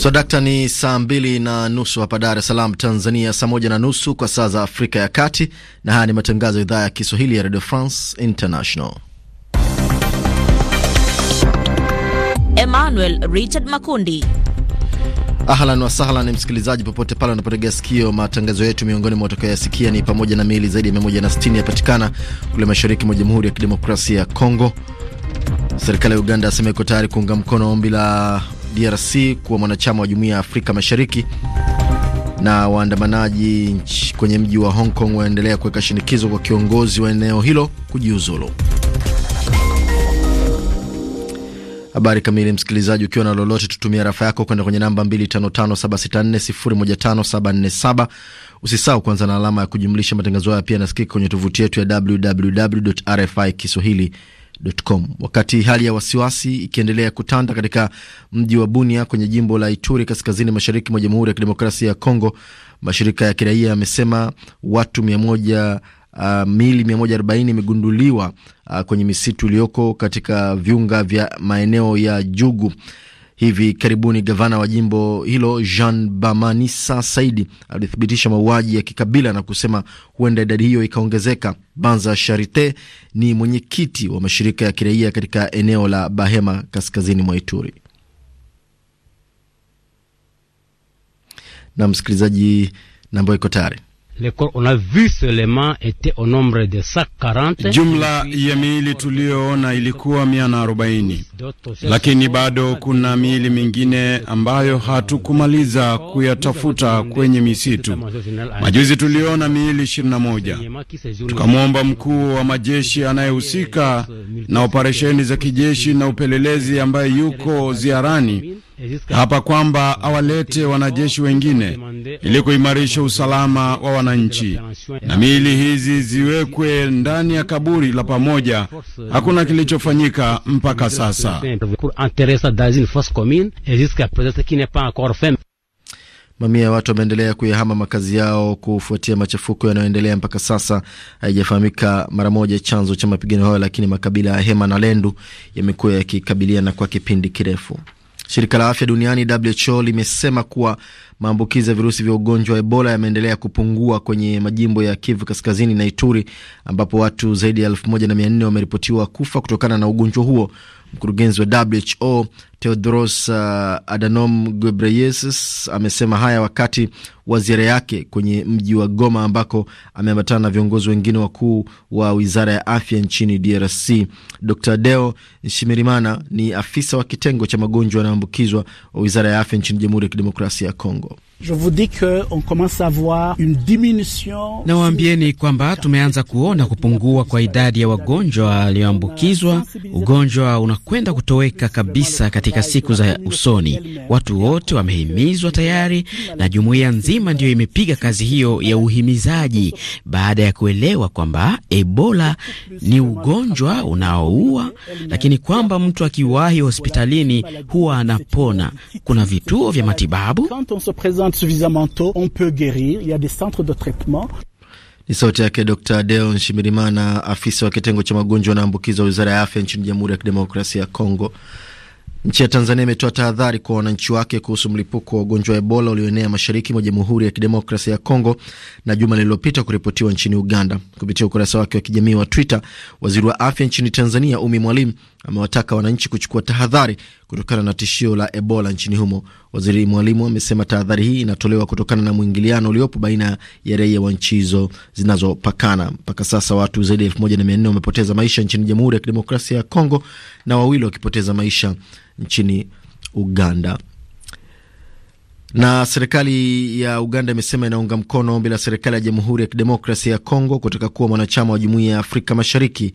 So dakta, ni saa mbili na nusu hapa Dar es Salaam, Tanzania, saa moja na nusu kwa saa za Afrika ya Kati, na haya ni matangazo ya idhaa ya Kiswahili ya Radio France International. Emmanuel Richard Makundi. Ahlan wasahlan, msikilizaji popote pale unapotegea sikio matangazo yetu. Miongoni mwa watakayoyasikia ni pamoja na miili zaidi ya 160 yapatikana kule mashariki mwa Jamhuri ya Kidemokrasia ya Kongo. Serikali ya Uganda asema iko tayari kuunga mkono ombi la DRC kuwa mwanachama wa jumuiya ya Afrika Mashariki, na waandamanaji kwenye mji wa Hong Kong waendelea kuweka shinikizo kwa kiongozi wa eneo hilo kujiuzulu. Habari kamili, msikilizaji, ukiwa na lolote, tutumia rafa yako kwenda kwenye namba 255764015747. Usisahau kuanza na alama ya kujumlisha. Matangazo haya pia yanasikika kwenye tovuti yetu ya www rfi kiswahili Com. Wakati hali ya wasiwasi ikiendelea kutanda katika mji wa Bunia kwenye jimbo la Ituri kaskazini mashariki mwa Jamhuri ya Kidemokrasia ya Kongo, mashirika ya kiraia yamesema watu mia moja Uh, moja arobaini imegunduliwa uh, kwenye misitu iliyoko katika viunga vya maeneo ya Jugu. Hivi karibuni gavana wa jimbo hilo Jean Bamanisa Saidi alithibitisha mauaji ya kikabila na kusema huenda idadi hiyo ikaongezeka. Banza Sharite ni mwenyekiti wa mashirika ya kiraia katika eneo la Bahema, kaskazini mwa Ituri. Na msikilizaji, na ambayo iko tayari Le corps on a vu seulement était au nombre de 140. Jumla ya miili tuliyoona ilikuwa 140, lakini bado kuna miili mingine ambayo hatukumaliza kuyatafuta kwenye misitu. Majuzi tuliona miili 21. Tukamwomba mkuu wa majeshi anayehusika na operesheni za kijeshi na upelelezi ambaye yuko ziarani hapa kwamba awalete wanajeshi wengine ili kuimarisha usalama wa wananchi, na miili hizi ziwekwe ndani ya kaburi la pamoja. Hakuna kilichofanyika mpaka sasa. Mamia ya watu wameendelea kuyahama makazi yao kufuatia machafuko yanayoendelea mpaka sasa. Haijafahamika mara moja chanzo cha mapigano hayo, lakini makabila ya Hema na Lendu yamekuwa yakikabiliana kwa kipindi kirefu. Shirika la afya duniani WHO limesema kuwa maambukizi ya virusi vya ugonjwa wa Ebola yameendelea kupungua kwenye majimbo ya Kivu Kaskazini na Ituri ambapo watu zaidi ya 1400 wameripotiwa kufa kutokana na ugonjwa huo. Mkurugenzi wa WHO Tedros uh, Adhanom Ghebreyesus amesema haya wakati wa ziara yake kwenye mji wa Goma ambako ameambatana na viongozi wengine wakuu wa wizara ya afya nchini DRC. Dr Deo Nshimirimana ni afisa wa kitengo cha magonjwa yanayoambukizwa wa wizara ya afya nchini Jamhuri ya Kidemokrasia ya Kongo. Nawaambieni kwamba tumeanza kuona kupungua kwa idadi ya wagonjwa walioambukizwa. Ugonjwa unakwenda kutoweka kabisa katika katika siku za usoni. Watu wote wamehimizwa tayari na jumuiya nzima ndiyo imepiga kazi hiyo ya uhimizaji baada ya kuelewa kwamba Ebola ni ugonjwa unaoua, lakini kwamba mtu akiwahi hospitalini huwa anapona. Kuna vituo vya matibabu. Ni sauti yake Dr Deo Nshimirimana, afisa wa kitengo cha magonjwa na ambukizo wa wizara ya afya nchini Jamhuri ya Kidemokrasia ya Kongo. Nchi ya Tanzania imetoa tahadhari kwa wananchi wake kuhusu mlipuko wa ugonjwa wa Ebola ulioenea mashariki mwa Jamhuri ya Kidemokrasia ya Kongo na juma lililopita kuripotiwa nchini Uganda. Kupitia ukurasa wake wa kijamii wa Twitter, waziri wa afya nchini Tanzania Umi Mwalimu amewataka wananchi kuchukua tahadhari kutokana na tishio la Ebola nchini humo. Waziri Mwalimu amesema tahadhari hii inatolewa kutokana na mwingiliano uliopo baina ya raia wa nchi hizo zinazopakana. Mpaka sasa watu zaidi ya elfu moja na mia nne wamepoteza maisha nchini Jamhuri ya Kidemokrasia ya Kongo na wawili wakipoteza maisha nchini Uganda. Na serikali ya Uganda imesema inaunga mkono ombi la serikali ya Jamhuri ya Kidemokrasia ya Kongo kutaka kuwa mwanachama wa Jumuiya ya Afrika Mashariki.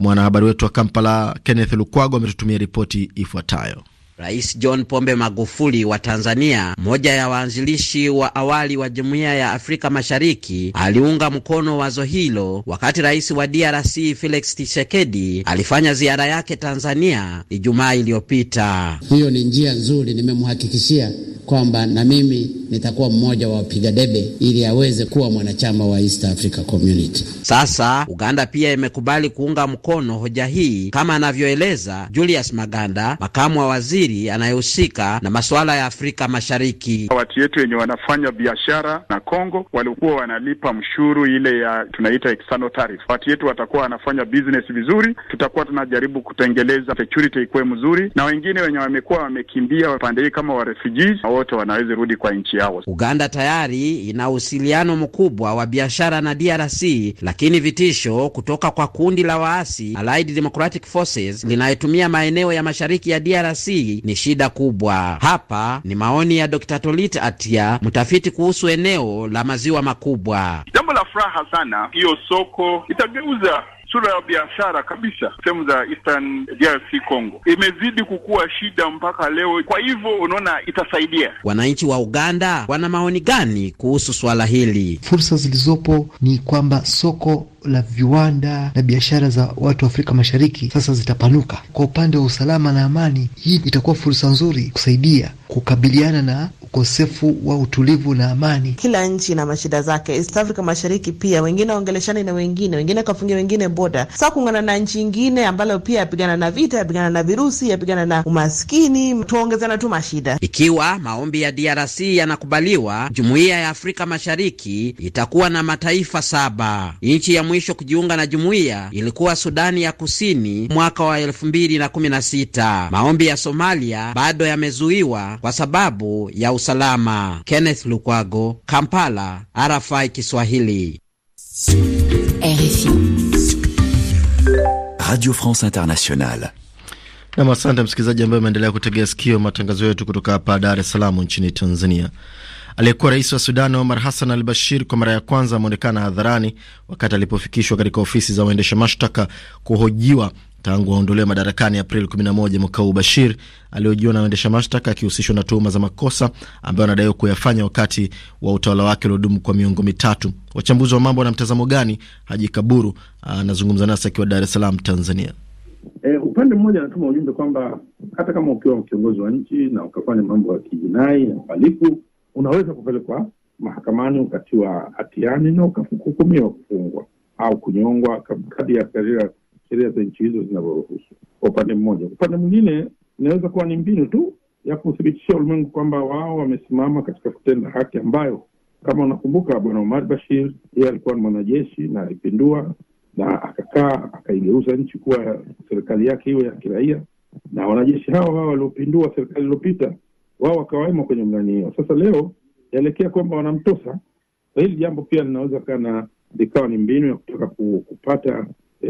Mwanahabari wetu wa Kampala, Kenneth Lukwago, ametutumia ripoti ifuatayo. Rais John Pombe Magufuli wa Tanzania, mmoja ya waanzilishi wa awali wa Jumuiya ya Afrika Mashariki, aliunga mkono wazo hilo wakati rais wa DRC Felix Tshisekedi alifanya ziara yake Tanzania Ijumaa iliyopita. Hiyo ni njia nzuri, nimemhakikishia kwamba na mimi nitakuwa mmoja wa wapiga debe ili aweze kuwa mwanachama wa East Africa Community. Sasa Uganda pia imekubali kuunga mkono hoja hii, kama anavyoeleza Julius Maganda, makamu wa waziri waziri anayehusika na masuala ya Afrika Mashariki. Watu yetu wenye wanafanya biashara na Kongo walikuwa wanalipa mshuru ile ya tunaita external tariff. Watu yetu watakuwa wanafanya business vizuri, tutakuwa tunajaribu kutengeleza security ikuwe mzuri, na wengine wenye wamekuwa wamekimbia pande hii kama wa refugees, wote wanaweza rudi kwa nchi yao. Uganda tayari ina uhusiliano mkubwa wa biashara na DRC, lakini vitisho kutoka kwa kundi la waasi Allied Democratic Forces linayotumia maeneo ya mashariki ya DRC ni shida kubwa. Hapa ni maoni ya Dr. Tolit Atia, mtafiti kuhusu eneo la maziwa makubwa. Jambo la furaha sana, hiyo soko itageuza sura ya biashara kabisa. Sehemu za Eastern DRC Congo imezidi kukua shida mpaka leo, kwa hivyo unaona itasaidia. Wananchi wa Uganda wana maoni gani kuhusu swala hili? Fursa zilizopo ni kwamba soko la viwanda na biashara za watu wa Afrika Mashariki sasa zitapanuka. Kwa upande wa usalama na amani, hii itakuwa fursa nzuri kusaidia kukabiliana na ukosefu wa utulivu na amani. Kila nchi ina mashida zake. East Africa Mashariki pia wengine waongeleshani na wengine, wengine kafungia wengine boda, saa kuungana na nchi ingine ambalo pia yapigana na vita, yapigana na virusi, yapigana na umaskini, tuongezana tu mashida. Ikiwa maombi ya DRC yanakubaliwa, jumuiya ya Afrika Mashariki itakuwa na mataifa saba. Nchi ya mwisho kujiunga na jumuiya ilikuwa Sudani ya Kusini mwaka wa elfu mbili na kumi na sita. Maombi ya Somalia bado yamezuiwa kwa sababu ya usalama. Kenneth Lukwago, Kampala, RFI Kiswahili. RFI Radio France Internationale. Nam, asante msikilizaji ambaye ameendelea kutegea sikio matangazo yetu kutoka hapa Dar es Salaam nchini Tanzania. Aliyekuwa rais wa Sudan Omar Hassan al Bashir kwa mara ya kwanza ameonekana hadharani wakati alipofikishwa katika ofisi za waendesha mashtaka kuhojiwa Tangu aondolewa madarakani Aprili 11 mwaka huu, Bashir aliojiwa na waendesha mashtaka akihusishwa na tuhuma za makosa ambayo anadaiwa kuyafanya wakati wa utawala wake uliodumu kwa miongo mitatu. Wachambuzi wa mambo wana mtazamo gani? Haji Kaburu anazungumza nasi akiwa Dar es Salaam, Tanzania. E, upande mmoja anatuma ujumbe kwamba hata kama ukiwa kiongozi wa nchi na ukafanya mambo ya kijinai na uhalifu, unaweza kupelekwa mahakamani ukatiwa hatiani na ukahukumiwa kufungwa au kunyongwa kadri ya sheria za nchi hizo zinavyoruhusu kwa upande mmoja. Upande mwingine inaweza kuwa ni mbinu tu ya kuthibitishia ulimwengu kwamba wao wamesimama katika kutenda haki ambayo kama unakumbuka Bwana Omar Bashir, yeye alikuwa ni mwanajeshi na alipindua na akakaa akaigeuza nchi kuwa serikali yake iwe ya kiraia, na wanajeshi hao hao waliopindua serikali iliyopita wao wakawemo kwenye mlani hiyo. Sasa leo yaelekea kwamba wanamtosa. Hili jambo pia linaweza na likawa ni mbinu ya kutaka kupata e,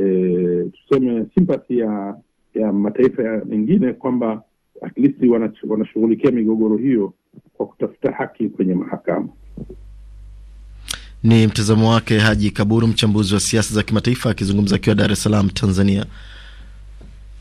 tuseme sympathy ya ya mataifa mengine kwamba at least wanashughulikia migogoro hiyo kwa kutafuta haki kwenye mahakama. Ni mtazamo wake Haji Kaburu, mchambuzi wa siasa za kimataifa akizungumza akiwa Dar es Salaam, Tanzania.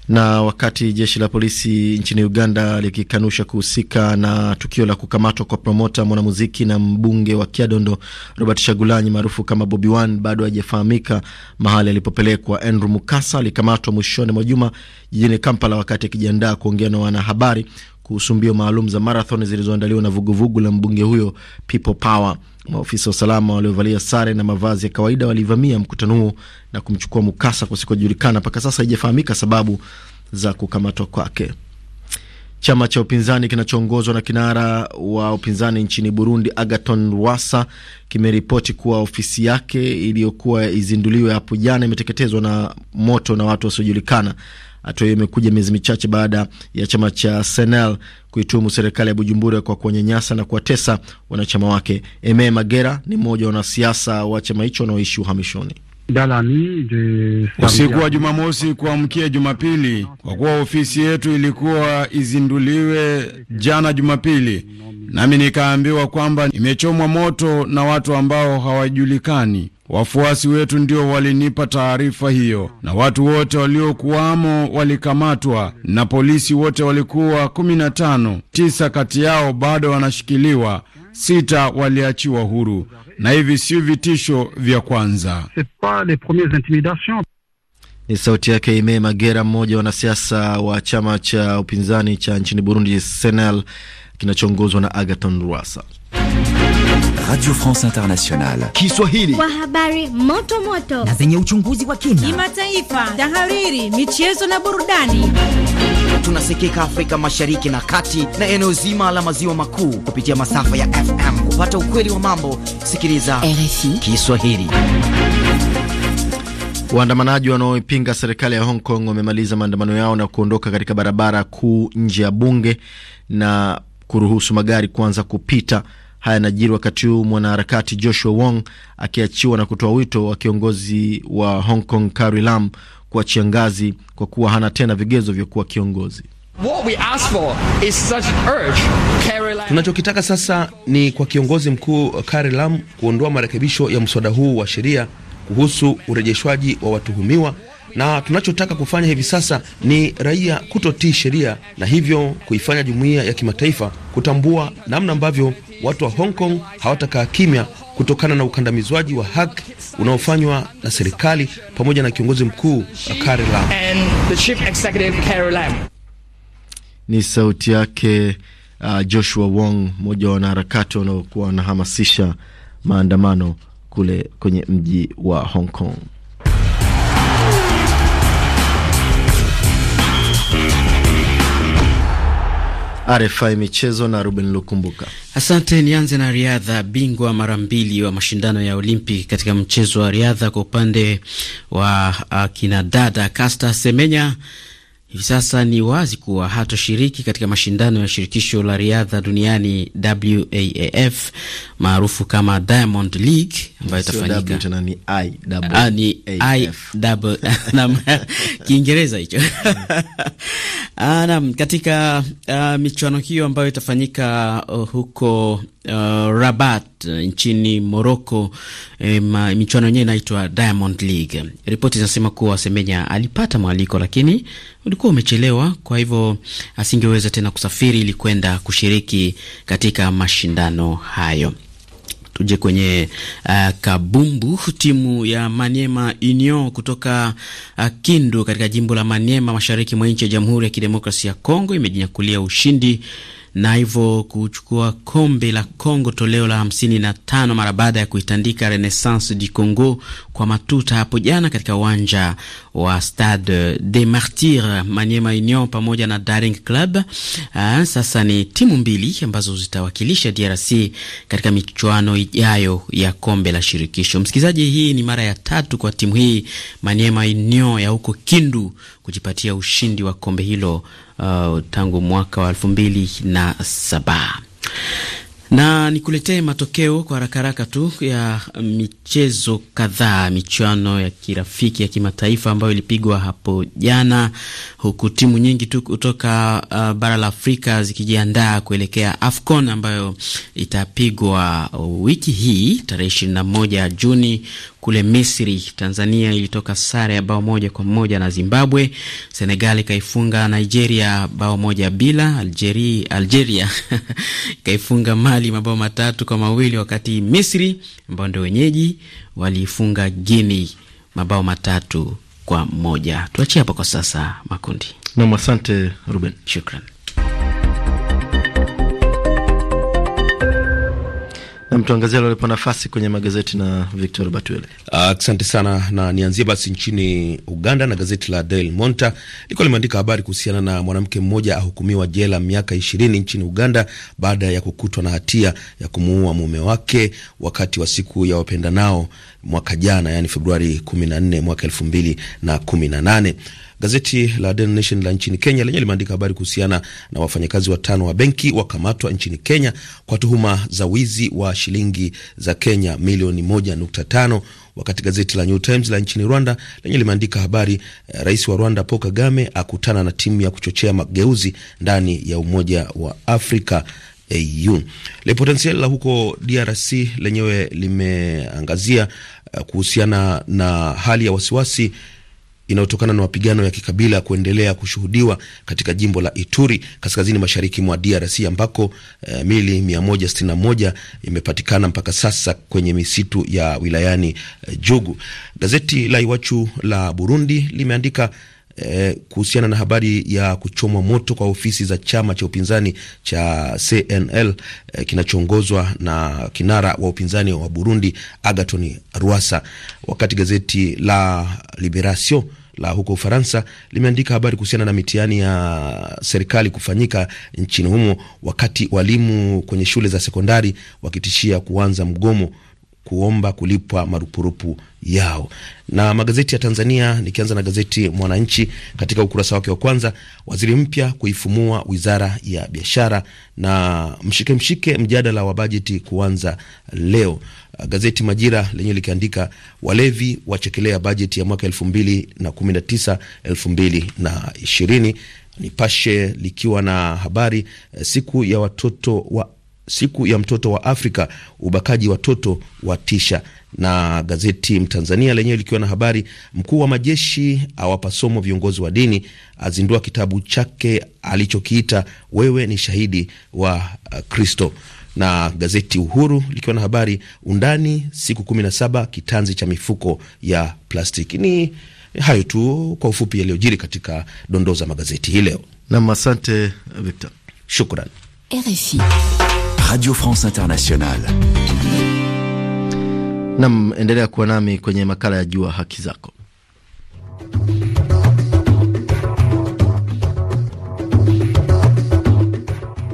Na wakati jeshi la polisi nchini Uganda likikanusha kuhusika na tukio la kukamatwa kwa promota mwanamuziki na mbunge wa Kiadondo Robert Shagulanyi maarufu kama Bobi Wine, bado hajafahamika mahali alipopelekwa. Andrew Mukasa alikamatwa mwishoni mwa juma jijini Kampala wakati akijiandaa kuongea na wanahabari kuhusu mbio maalum za marathon zilizoandaliwa na vuguvugu la mbunge huyo People Power. Maofisa wa usalama waliovalia sare na mavazi ya kawaida walivamia mkutano huo na kumchukua mukasa kusikojulikana. Mpaka sasa haijafahamika sababu za kukamatwa kwake. Chama cha upinzani kinachoongozwa na kinara wa upinzani nchini Burundi, Agaton Rwasa, kimeripoti kuwa ofisi yake iliyokuwa izinduliwe hapo jana imeteketezwa na moto na watu wasiojulikana. Hatua hiyo imekuja miezi michache baada ya chama cha Senel kuituhumu serikali ya Bujumbura kwa kuwanyanyasa na kuwatesa wanachama wake. Eme Magera ni mmoja wa wanasiasa wa chama hicho wanaoishi uhamishoni. Usiku wa Jumamosi kuamkia Jumapili, kwa kuwa ofisi yetu ilikuwa izinduliwe jana Jumapili, nami nikaambiwa kwamba imechomwa moto na watu ambao hawajulikani. Wafuasi wetu ndio walinipa taarifa hiyo, na watu wote waliokuwamo walikamatwa na polisi. Wote walikuwa kumi na tano, tisa kati yao bado wanashikiliwa, sita waliachiwa huru, na hivi sio vitisho vya kwanza. Ni sauti yake Ime Magera, mmoja wa wanasiasa wa chama cha upinzani cha nchini Burundi, Senel kinachoongozwa na Agathon Rwasa. Radio France Internationale Kiswahili, kwa habari moto moto na zenye uchunguzi wa kina, kimataifa, tahariri, michezo na burudani. Tunasikika Afrika Mashariki na Kati na eneo zima la maziwa makuu kupitia masafa ya FM. Kupata ukweli wa mambo, sikiliza RFI Kiswahili. Waandamanaji wanaoipinga serikali ya Hong Kong wamemaliza maandamano yao na kuondoka katika barabara kuu nje ya bunge na kuruhusu magari kuanza kupita. Haya yanajiri wakati huu mwanaharakati Joshua Wong akiachiwa na kutoa wito wa kiongozi wa Hong Kong Carrie Lam kuachia ngazi kwa kuwa hana tena vigezo vya kuwa kiongozi. Tunachokitaka sasa ni kwa kiongozi mkuu Carrie Lam kuondoa marekebisho ya mswada huu wa sheria kuhusu urejeshwaji wa watuhumiwa na tunachotaka kufanya hivi sasa ni raia kutotii sheria na hivyo kuifanya jumuiya ya kimataifa kutambua namna ambavyo watu wa Hong Kong hawatakaa kimya kutokana na ukandamizwaji wa haki unaofanywa na serikali pamoja na kiongozi mkuu Carrie Lam. Ni sauti yake uh, Joshua Wong, mmoja wa wanaharakati wanaokuwa wanahamasisha maandamano kule kwenye mji wa Hong Kong. RFI Michezo na Ruben Lukumbuka. Asante, nianze na riadha. Bingwa mara mbili wa mashindano ya Olimpi katika mchezo wa riadha kwa upande wa uh, kinadada Caster Semenya Hivi sasa ni wazi kuwa hatoshiriki katika mashindano ya shirikisho la riadha duniani WAAF maarufu kama Diamond League ambayo itafanyika Kiingereza hicho ah, nam katika uh, michuano hiyo ambayo itafanyika uh, huko uh, Rabat uh, nchini Morocco. Eh, michuano yenyewe inaitwa Diamond League. Ripoti zinasema kuwa Semenya alipata mwaliko lakini ulikuwa umechelewa, kwa hivyo asingeweza tena kusafiri ili kwenda kushiriki katika mashindano hayo. Tuje kwenye uh, kabumbu. Timu ya Maniema Union kutoka uh, Kindu katika jimbo la Maniema, mashariki mwa nchi ya Jamhuri ya Kidemokrasia ya Kongo imejinyakulia ushindi na hivyo kuchukua kombe la congo toleo la 55 mara baada ya kuitandika Renaissance du Congo kwa matuta hapo jana katika uwanja wa Stade des Martyrs, Maniema Union pamoja na Daring Club. Aa, ah, sasa ni timu mbili ambazo zitawakilisha DRC katika michuano ijayo ya kombe la shirikisho. Msikilizaji, hii ni mara ya tatu kwa timu hii Maniema Union ya huko Kindu kujipatia ushindi wa kombe hilo uh, tangu mwaka wa elfu mbili na saba na nikuletee matokeo kwa haraka haraka tu ya michezo kadhaa. Michuano ya kirafiki ya kimataifa ambayo ilipigwa hapo jana, huku timu nyingi tu kutoka uh, bara la Afrika zikijiandaa kuelekea AFCON ambayo itapigwa wiki hii tarehe ishirini na moja Juni kule Misri, Tanzania ilitoka sare ya bao moja kwa moja na Zimbabwe. Senegal ikaifunga Nigeria bao moja bila. Algeria, Algeria ikaifunga Mali mabao matatu kwa mawili, wakati Misri ambao ndio wenyeji waliifunga guini mabao matatu kwa moja. Tuachie hapo kwa sasa makundi. Nam, asante Ruben, shukran. na mtuangazia alipo nafasi kwenye magazeti na Victor Batwele. Asante sana na nianzie basi nchini Uganda na gazeti la Daily Monitor likuwa limeandika habari kuhusiana na mwanamke mmoja ahukumiwa jela miaka ishirini nchini Uganda baada ya kukutwa na hatia ya kumuua mume wake wakati wa siku ya nao mwaka jana, yani Februari 14 mwaka 2018. Gazeti la The Nation la nchini Kenya lenye limeandika habari kuhusiana na wafanyakazi watano wa benki wakamatwa nchini Kenya kwa tuhuma za wizi wa shilingi za Kenya milioni 1.5 wakati gazeti la New Times la nchini Rwanda lenye limeandika habari eh, rais wa Rwanda Paul Kagame akutana na timu ya kuchochea mageuzi ndani ya Umoja wa Afrika AU. Le Potentiel la huko DRC lenyewe limeangazia eh, kuhusiana na hali ya wasiwasi inayotokana na mapigano ya kikabila kuendelea kushuhudiwa katika jimbo la Ituri kaskazini mashariki mwa DRC ambako eh, mili 161 imepatikana mpaka sasa kwenye misitu ya wilayani eh, Jugu. Gazeti la Iwachu la Burundi limeandika Eh, kuhusiana na habari ya kuchomwa moto kwa ofisi za chama cha upinzani cha CNL e, eh, kinachoongozwa na kinara wa upinzani wa Burundi agaton Rwasa, wakati gazeti la Liberation la huko Ufaransa limeandika habari kuhusiana na mitihani ya serikali kufanyika nchini humo, wakati walimu kwenye shule za sekondari wakitishia kuanza mgomo kuomba kulipwa marupurupu yao. Na magazeti ya Tanzania, nikianza na gazeti Mwananchi, katika ukurasa wake wa kwanza, waziri mpya kuifumua wizara ya biashara na mshike mshike mjadala wa bajeti kuanza leo. Gazeti Majira lenyewe likiandika walevi wachekelea bajeti ya mwaka elfu mbili na kumi na tisa elfu mbili na ishirini Nipashe likiwa na habari eh, siku ya watoto wa siku ya mtoto wa Afrika, ubakaji watoto watisha. Na gazeti Mtanzania lenyewe likiwa na habari, mkuu wa majeshi awapa somo viongozi wa dini, azindua kitabu chake alichokiita wewe ni shahidi wa uh, Kristo. na gazeti Uhuru likiwa na habari undani, siku kumi na saba kitanzi cha mifuko ya plastiki. Ni hayo tu kwa ufupi yaliyojiri katika dondoo za magazeti hii leo. Nam, asante Victor, shukran RFI. Radio France Internationale. Nam, endelea kuwa nami kwenye makala ya Jua Haki Zako.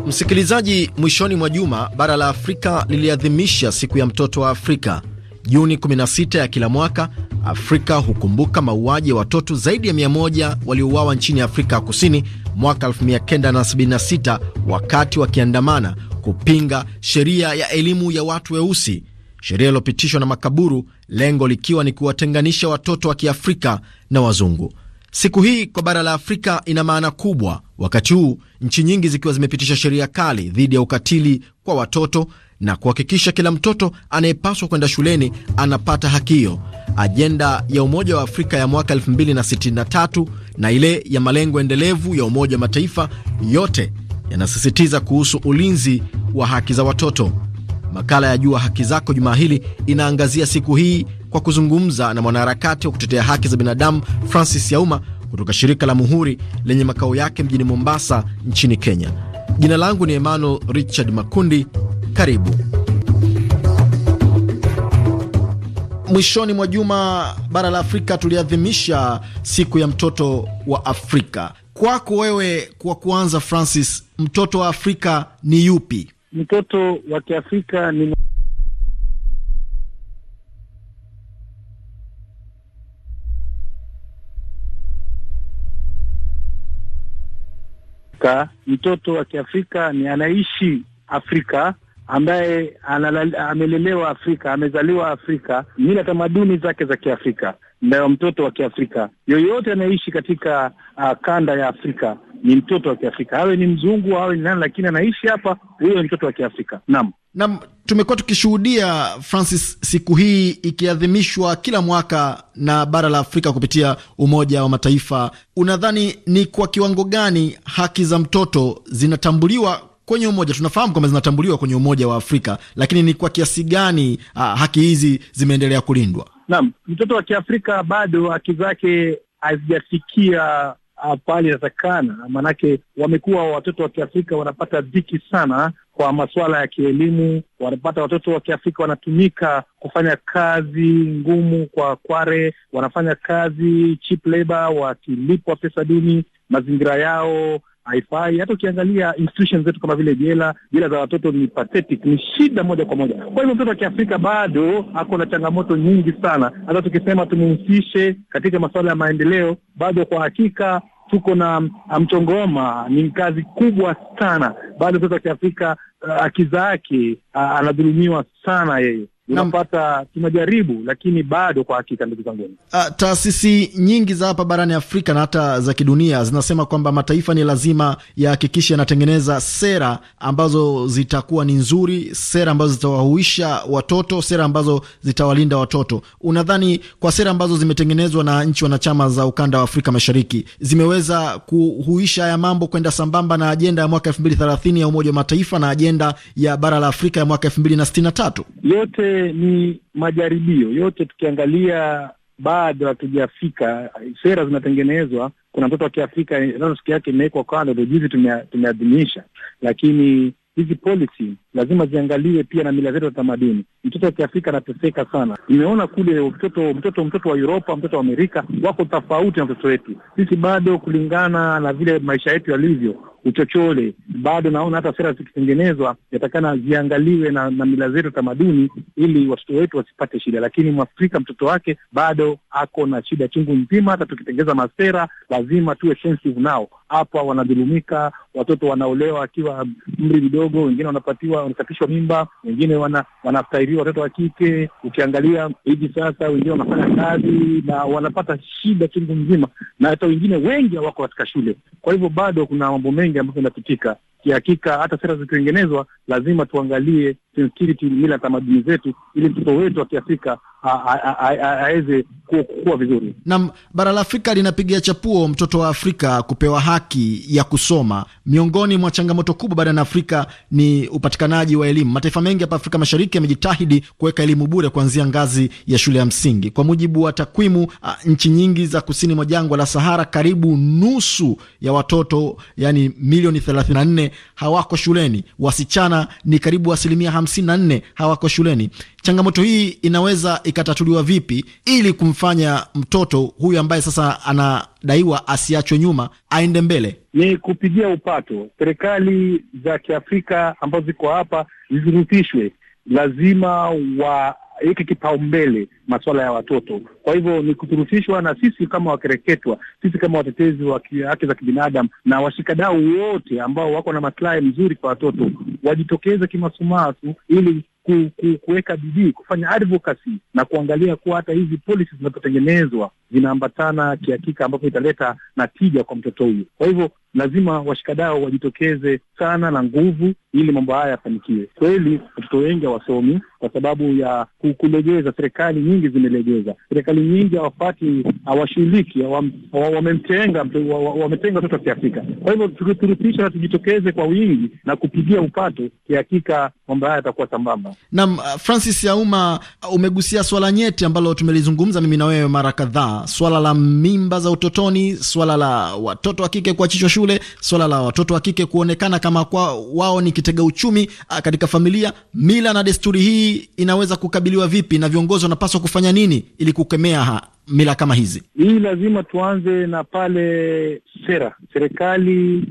Msikilizaji, mwishoni mwa juma bara la Afrika liliadhimisha siku ya mtoto wa Afrika. Juni 16 ya kila mwaka Afrika hukumbuka mauaji ya watoto zaidi ya 100 waliouawa nchini Afrika ya Kusini mwaka 1976 wakati wakiandamana kupinga sheria ya elimu ya watu weusi, sheria iliyopitishwa na makaburu, lengo likiwa ni kuwatenganisha watoto wa Kiafrika na wazungu. Siku hii kwa bara la Afrika ina maana kubwa, wakati huu nchi nyingi zikiwa zimepitisha sheria kali dhidi ya ukatili kwa watoto na kuhakikisha kila mtoto anayepaswa kwenda shuleni anapata haki hiyo. Ajenda ya Umoja wa Afrika ya mwaka 2063 na ile ya malengo endelevu ya Umoja wa Mataifa yote yanasisitiza kuhusu ulinzi wa haki za watoto. Makala ya Jua Haki Zako jumaa hili inaangazia siku hii kwa kuzungumza na mwanaharakati wa kutetea haki za binadamu Francis Yauma kutoka shirika la Muhuri lenye makao yake mjini Mombasa nchini Kenya. Jina langu ni Emmanuel Richard Makundi. Karibu. Mwishoni mwa juma bara la Afrika tuliadhimisha siku ya mtoto wa Afrika kwako wewe, kwa kuanza, Francis, mtoto wa Afrika ni yupi? Mtoto wa Kiafrika ni mtoto wa Kiafrika ni anaishi Afrika ambaye amelelewa Afrika, amezaliwa Afrika, mila tamaduni zake za Kiafrika na mtoto wa Kiafrika yoyote anayeishi katika uh, kanda ya Afrika ni mtoto wa Kiafrika, awe ni mzungu awe ni nani, lakini anaishi hapa, huyo ni mtoto wa Kiafrika. Naam, naam, tumekuwa tukishuhudia Francis, siku hii ikiadhimishwa kila mwaka na bara la Afrika kupitia Umoja wa Mataifa. Unadhani ni kwa kiwango gani haki za mtoto zinatambuliwa kwenye umoja, tunafahamu kwamba zinatambuliwa kwenye Umoja wa Afrika, lakini ni kwa kiasi gani ah, haki hizi zimeendelea kulindwa? Naam, mtoto wa Kiafrika bado haki zake hazijafikia ah, pali natakana maanake wamekuwa watoto wa Kiafrika wanapata dhiki sana kwa masuala ya kielimu, wanapata watoto wa Kiafrika wanatumika kufanya kazi ngumu kwa kware, wanafanya kazi cheap labor, wakilipwa pesa duni, mazingira yao haifai. Hata ukiangalia institutions zetu kama vile jela, jela za watoto ni pathetic, ni shida moja kwa moja. Kwa hivyo mtoto wa Kiafrika bado ako na changamoto nyingi sana. Hata tukisema tumhusishe katika masuala ya maendeleo, bado kwa hakika tuko na mchongoma, ni kazi kubwa sana. Bado mtoto wa Kiafrika haki uh, zake uh, anadhulumiwa sana yeye unapata tunajaribu, lakini bado kwa hakika, ndugu zangu, ah, taasisi nyingi za hapa barani Afrika na hata za kidunia zinasema kwamba mataifa ni lazima yahakikishe yanatengeneza sera ambazo zitakuwa ni nzuri, sera ambazo zitawahuisha watoto, sera ambazo zitawalinda watoto. Unadhani kwa sera ambazo zimetengenezwa na nchi wanachama za ukanda wa Afrika Mashariki zimeweza kuhuisha haya mambo kwenda sambamba na ajenda ya mwaka elfu mbili thelathini ya Umoja wa Mataifa na ajenda ya bara la Afrika ya mwaka elfu mbili na sitini na tatu yote ni majaribio, yote tukiangalia bado hatujafika. Sera zinatengenezwa, kuna mtoto wa Kiafrika nazo siku yake imewekwa kando, ndo juzi tumeadhimisha, lakini hizi policy lazima ziangaliwe pia na mila zetu za tamaduni. Mtoto wa Kiafrika anateseka sana. Nimeona kule mtoto mtoto mtoto wa Uropa, mtoto wa Amerika wako tofauti na mtoto wetu sisi. Bado kulingana na vile maisha yetu yalivyo, uchochole. Bado naona hata sera zikitengenezwa yatakana ziangaliwe na, na mila zetu, tamaduni, ili watoto wetu wasipate shida. Lakini mwafrika mtoto wake bado ako na shida chungu nzima. Hata tukitengeza masera lazima tuwe sensitive nao. Hapa wanadhulumika, watoto wanaolewa wakiwa umri vidogo, wengine wanapatiwa wanakatishwa mimba, wengine wana, wanastahiriwa watoto wa kike. Ukiangalia hivi sasa, wengine wanafanya kazi na wanapata shida chungu nzima, na hata wengine wengi hawako katika shule. Kwa hivyo bado kuna mambo mengi mengi ambayo inapitika kihakika, hata sera zikitengenezwa, lazima tuangalie sensitivity, mila, tamaduni zetu, ili mtoto wetu wa Kiafrika aweze kuwa vizuri. Naam, bara la Afrika linapiga chapuo mtoto wa Afrika kupewa haki ya kusoma. Miongoni mwa changamoto kubwa barani Afrika ni upatikanaji wa elimu. Mataifa mengi hapa Afrika Mashariki yamejitahidi kuweka elimu bure kuanzia ngazi ya shule ya msingi. Kwa mujibu wa takwimu, nchi nyingi za kusini mwa jangwa la Sahara, karibu nusu ya watoto, yani milioni 34 hawako shuleni, wasichana ni karibu asilimia 54 hawako shuleni. Changamoto hii inaweza ikatatuliwa vipi ili kumfanya mtoto huyu ambaye sasa anadaiwa asiachwe nyuma aende mbele? Ni kupigia upato. Serikali za Kiafrika ambazo ziko hapa zishurutishwe, lazima wa hiki kipaumbele masuala ya watoto. Kwa hivyo ni kuturufishwa na sisi kama wakereketwa, sisi kama watetezi wa haki za kibinadamu na washikadau wote ambao wako na maslahi mzuri kwa watoto wajitokeze kimasumasu ili ku, ku, kuweka bidii kufanya advocacy na kuangalia kuwa hata hizi policies zinapotengenezwa zinaambatana kihakika, ambapo italeta na tija kwa mtoto huyu. Kwa hivyo lazima washikadao wajitokeze sana na nguvu, ili mambo haya yafanikiwe. Kweli watoto wengi hawasomi kwa sababu ya kulegeza. Serikali nyingi zimelegeza, serikali nyingi hawapati, hawashiriki, wamemtenga, wametenga watoto wa Kiafrika. Kwa hivyo tukirudisha na tujitokeze kwa wingi na kupigia upato, kihakika mambo haya yatakuwa sambamba. Naam, uh, Francis Yauma, uh, umegusia swala nyeti ambalo tumelizungumza mimi na wewe mara kadhaa, swala la mimba za utotoni, swala la watoto wa kike kuachishwa shule, swala la watoto wa kike kuonekana kama kwa wao ni kitega uchumi ah, katika familia. Mila na desturi hii inaweza kukabiliwa vipi, na viongozi wanapaswa kufanya nini ili kukemea ha ah, mila kama hizi? Hii lazima tuanze na pale sera, serikali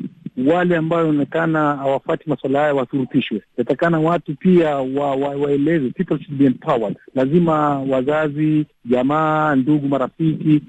wale ambao wanaonekana hawafati masuala haya wathurutishwe. Inatakana watu pia waeleze wa, people should be empowered. Lazima wazazi, jamaa, ndugu, marafiki,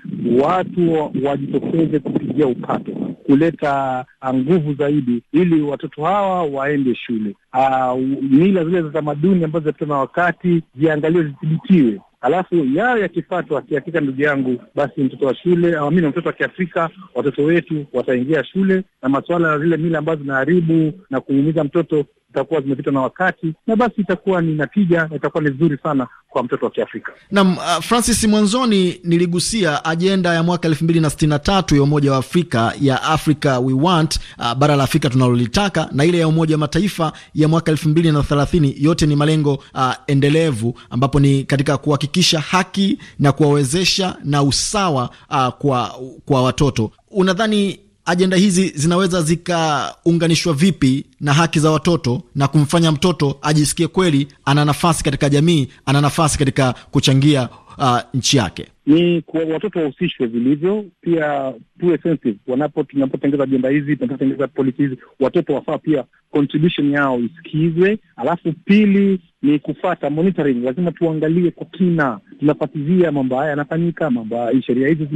watu wajitokeze kupigia upato kuleta ah, nguvu zaidi, ili watoto hawa waende shule. Ah, mila zile za tamaduni ambazo zinapita na wakati ziangaliwe, zithibitiwe Alafu yao yakifatwa kiafrika, ndugu yangu, basi mtoto wa shule au mimi na mtoto wa Kiafrika, watoto wetu wataingia shule, na masuala ya zile mila ambazo zinaharibu na kuumiza mtoto zitakuwa zimepita na wakati, na basi itakuwa ni natija na itakuwa ni vizuri sana kwa mtoto wa Kiafrika. Naam, uh, Francis, mwanzoni niligusia ajenda ya mwaka elfu mbili na sitini na tatu ya Umoja wa Afrika ya Africa We Want, uh, bara la Afrika tunalolitaka, na ile ya Umoja wa Mataifa ya mwaka elfu mbili na thelathini yote ni malengo uh, endelevu, ambapo ni katika kuhakikisha haki na kuwawezesha na usawa uh, kwa, kwa watoto. Unadhani ajenda hizi zinaweza zikaunganishwa vipi na haki za watoto na kumfanya mtoto ajisikie kweli ana nafasi katika jamii, ana nafasi katika kuchangia uh, nchi yake? Ni kwa watoto wahusishwe vilivyo, pia tuwe sensitive wanapo, tunapotengeza ajenda hizi, tunapotengeza polisi hizi, watoto wafaa pia contribution yao isikizwe. Alafu pili ni kufata monitoring, lazima tuangalie kwa kina, tunafatizia mambo haya yanafanyika, mambo sheria hizi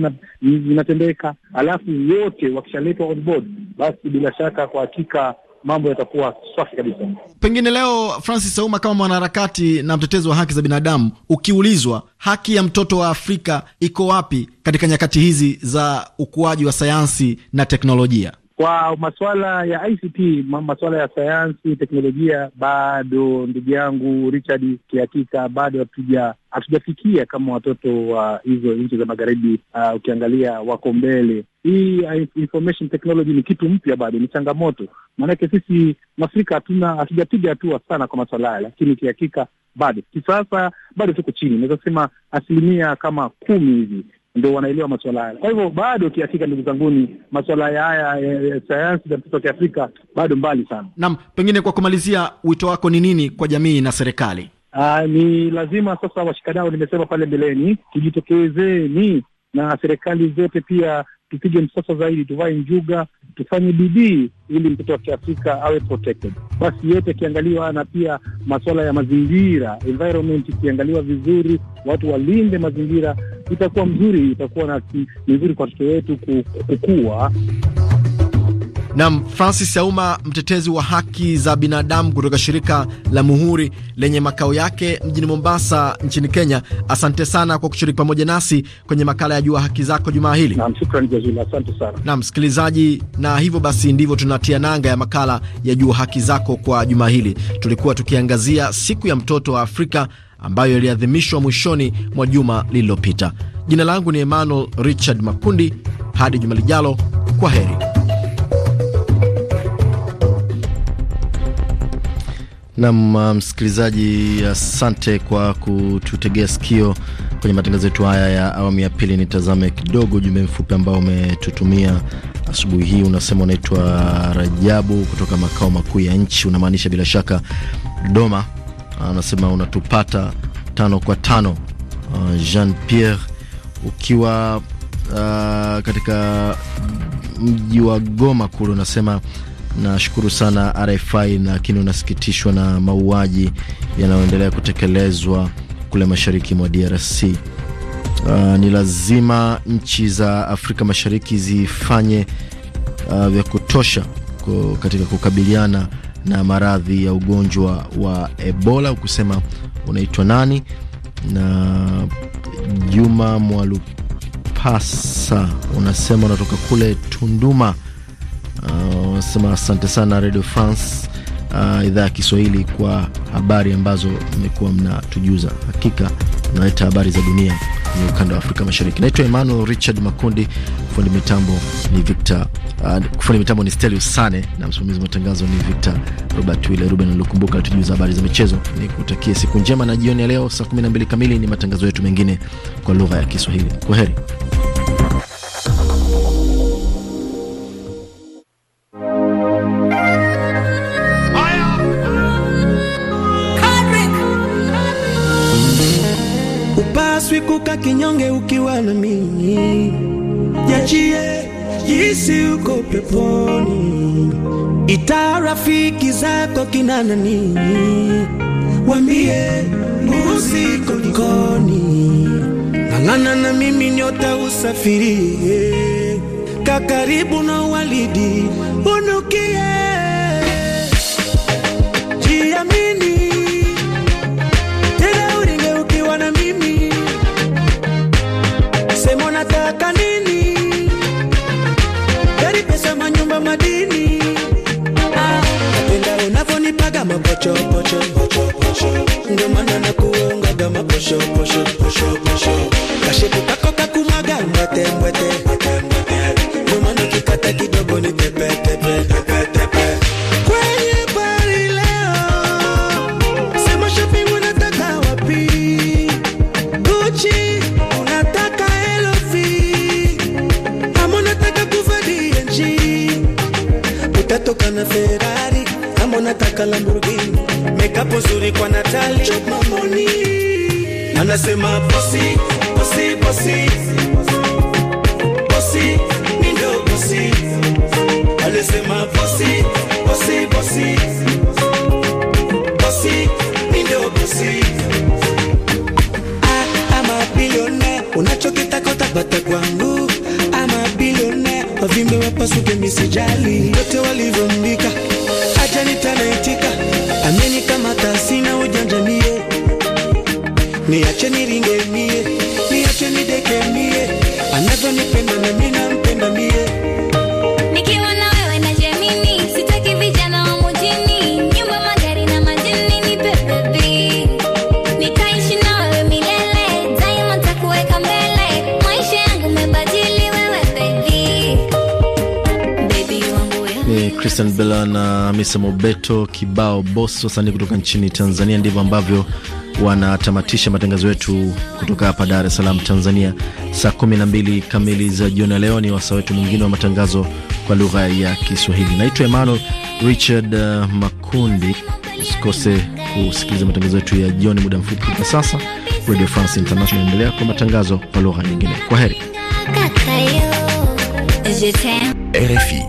zinatendeka. Alafu wote wakishaletwa on board, basi bila shaka kwa hakika mambo yatakuwa safi kabisa. Pengine leo, Francis Auma, kama mwanaharakati na mtetezi wa haki za binadamu, ukiulizwa haki ya mtoto wa Afrika iko wapi katika nyakati hizi za ukuaji wa sayansi na teknolojia? Kwa masuala ya ICT, masuala ya sayansi teknolojia, bado ndugu yangu Richard, kihakika bado hatuja hatujafikia kama watoto wa uh, hizo nchi za magharibi uh, ukiangalia wako mbele. Hii uh, information technology ni kitu mpya bado, ni changamoto, maanake sisi Mwafrika hatuna hatujapiga hatua sana kwa maswala haya, lakini kihakika bado kisasa bado tuko chini, naweza asilimia kama kumi hivi ndo wanaelewa maswala haya. Kwa hivyo bado kihakika, ndugu zanguni, maswala haya ya eh, eh, sayansi za mtoto wa kiafrika bado mbali sana. Naam, pengine kwa kumalizia, wito wako ni nini kwa jamii na serikali? Uh, ni lazima sasa washikadao nimesema pale mbeleni, tujitokezeni na serikali zote pia tupige msasa zaidi, tuvae njuga, tufanye bidii ili mtoto wa Kiafrika awe protected. Basi yote akiangaliwa, na pia masuala ya mazingira environment ikiangaliwa vizuri, watu walinde mazingira, itakuwa mzuri, itakuwa ni mzuri kwa watoto wetu kukua. Nam Francis Auma, mtetezi wa haki za binadamu kutoka shirika la Muhuri lenye makao yake mjini Mombasa nchini Kenya, asante sana kwa kushiriki pamoja nasi kwenye makala ya Jua Haki Zako jumaa hili. Nam, shukrani asante sana. Nam msikilizaji, na hivyo basi ndivyo tunatia nanga ya makala ya Jua Haki Zako kwa jumaa hili. Tulikuwa tukiangazia siku ya mtoto wa Afrika ambayo iliadhimishwa mwishoni mwa juma lililopita. Jina langu ni Emmanuel Richard Makundi. Hadi juma lijalo, kwa heri. Nam uh, msikilizaji, asante kwa kututegea sikio kwenye matangazo yetu haya ya awamu ya pili. Nitazame kidogo ujumbe mfupi ambao umetutumia asubuhi hii. Unasema unaitwa Rajabu kutoka makao makuu ya nchi, unamaanisha bila shaka Dodoma. Anasema uh, unatupata tano kwa tano. Uh, Jean Pierre ukiwa uh, katika mji wa Goma kule, unasema Nashukuru sana RFI, lakini unasikitishwa na mauaji yanayoendelea kutekelezwa kule mashariki mwa DRC. Uh, ah, ni lazima nchi za Afrika Mashariki zifanye uh, vya kutosha katika kukabiliana na maradhi ya ugonjwa wa Ebola, ukusema unaitwa nani, na Juma Mwalupasa unasema unatoka kule Tunduma wanasema uh, asante sana Radio France uh, idhaa ya Kiswahili kwa habari ambazo mmekuwa mnatujuza. Hakika mnaleta habari za dunia kwenye ukanda wa Afrika Mashariki. Naitwa Emmanuel Richard Makundi, fundi mitambo ni Victor uh, fundi mitambo ni Stelio Sane na msimamizi wa matangazo ni Victor Robert Wille. Ruben alikumbuka tujuza habari za michezo. Ni kutakia siku njema na jioni ya leo saa 12 kamili ni matangazo yetu mengine kwa lugha ya Kiswahili. Kwa heri. ukiwa na mimi, jachie jisi uko peponi, ita rafiki zako kina nani, wambie mbuzi nikoni, ng'ang'ana na mimi nyota usafirie, kakaribu na walidi unuki pocho pocho pocho pocho ndio maana nakuonga kama posho posho posho posho kashe kupa Christian Bella na Misa Mobeto kibao bos wasanii kutoka nchini Tanzania. Ndivyo ambavyo wanatamatisha matangazo yetu kutoka hapa Dar es Salaam, Tanzania, saa 12 kamili za jioni ya leo. Ni wasaa wetu mwingine wa matangazo kwa lugha ya Kiswahili. Naitwa Emmanuel Richard uh, Makundi. Usikose kusikiliza matangazo yetu ya jioni muda mfupi kutoka sasa. Radio France International endelea kwa matangazo kwa lugha nyingine. Kwa heri. RFI